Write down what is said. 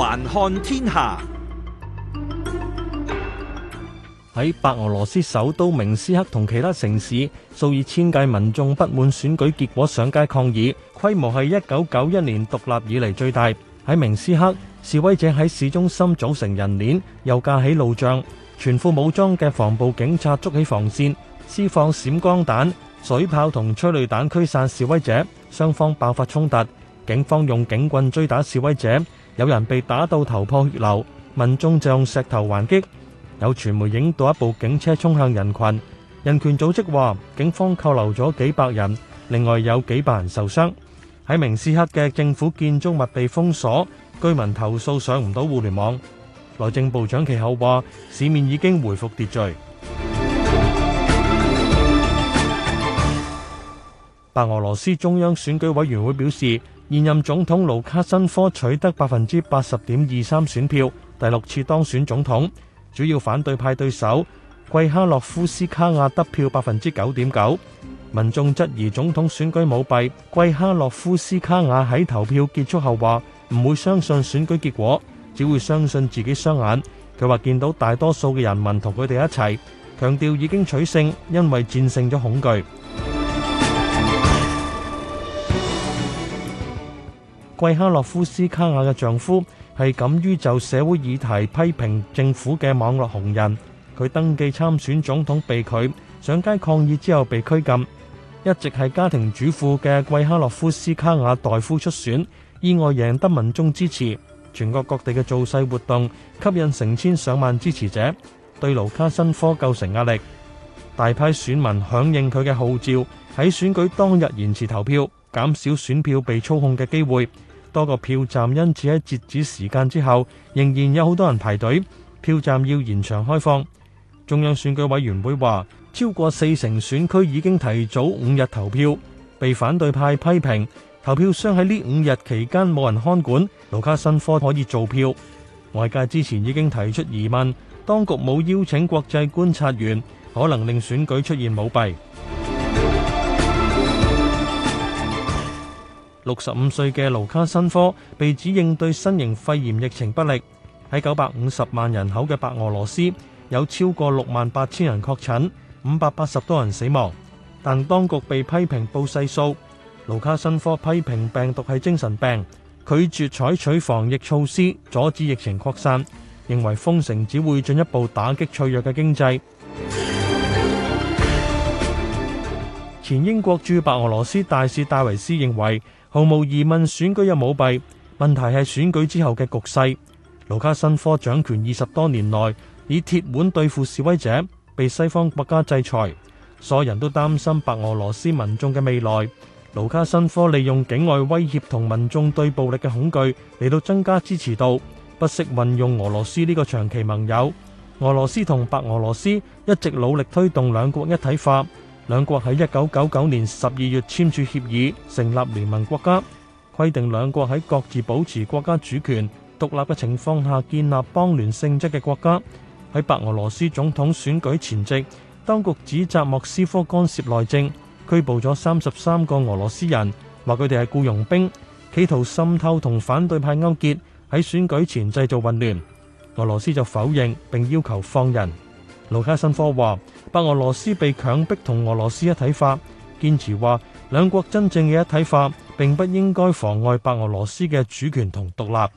環看天下。喺白俄羅斯首都明斯克同其他城市，數以千計民眾不滿選舉結果上街抗議，規模係一九九一年獨立以嚟最大。喺明斯克，示威者喺市中心組成人鏈，又架起路障。全副武裝嘅防暴警察捉起防線，施放閃光彈、水炮同催淚彈驅散示威者，雙方爆發衝突。警方用警棍追打示威者，有人被打到頭破血流，民眾就用石頭還擊。有傳媒影到一部警車衝向人群。人權組織話警方扣留咗幾百人，另外有幾百人受傷。喺明斯克嘅政府建築物被封鎖，居民投訴上唔到互聯網。內政部長其後話市面已經回復秩序。白俄羅斯中央選舉委員會表示。現任總統盧卡申科取得百分之八十點二三選票，第六次當選總統。主要反對派對手季哈洛夫斯卡亞得票百分之九點九。民眾質疑總統選舉舞弊。季哈洛夫斯卡亞喺投票結束後話唔會相信選舉結果，只會相信自己雙眼。佢話見到大多數嘅人民同佢哋一齊，強調已經取勝，因為戰勝咗恐懼。季哈洛夫斯卡瓦嘅丈夫係敢於就社會議題批評政府嘅網絡紅人，佢登記參選總統被拒，上街抗議之後被拘禁。一直係家庭主婦嘅季哈洛夫斯卡瓦代夫出選，意外贏得民眾支持，全國各地嘅造勢活動吸引成千上萬支持者，對盧卡申科構成壓力。大批選民響應佢嘅號召，喺選舉當日延遲投票，減少選票被操控嘅機會。多個票站因此喺截止時間之後仍然有好多人排隊，票站要延長開放。中央選舉委員會話，超過四成選區已經提早五日投票，被反對派批評投票箱喺呢五日期間冇人看管，盧卡申科可以做票。外界之前已經提出疑問，當局冇邀請國際觀察員，可能令選舉出現舞弊。六十五歲嘅盧卡申科被指應對新型肺炎疫情不力。喺九百五十萬人口嘅白俄羅斯，有超過六萬八千人確診，五百八十多人死亡。但當局被批評報細數。盧卡申科批評病毒係精神病，拒絕採取防疫措施阻止疫情擴散，認為封城只會進一步打擊脆弱嘅經濟。前英國駐白俄羅斯大使戴維斯認為。毫無疑問，選舉有舞弊。問題係選舉之後嘅局勢。盧卡申科掌權二十多年來以鐵腕對付示威者，被西方國家制裁。所有人都擔心白俄羅斯民眾嘅未來。盧卡申科利用境外威脅同民眾對暴力嘅恐懼嚟到，增加支持度，不惜運用俄羅斯呢個長期盟友。俄羅斯同白俄羅斯一直努力推動兩國一體化。兩國喺一九九九年十二月簽署協議，成立聯盟國家，規定兩國喺各自保持國家主權獨立嘅情況下，建立邦聯性質嘅國家。喺白俄羅斯總統選舉前夕，當局指責莫斯科干涉內政，拘捕咗三十三個俄羅斯人，話佢哋係僱傭兵，企圖滲透同反對派勾結，喺選舉前製造混亂。俄羅斯就否認並要求放人。盧卡申科話：白俄羅斯被強迫同俄羅斯一體化，堅持話兩國真正嘅一體化並不應該妨礙白俄羅斯嘅主權同獨立。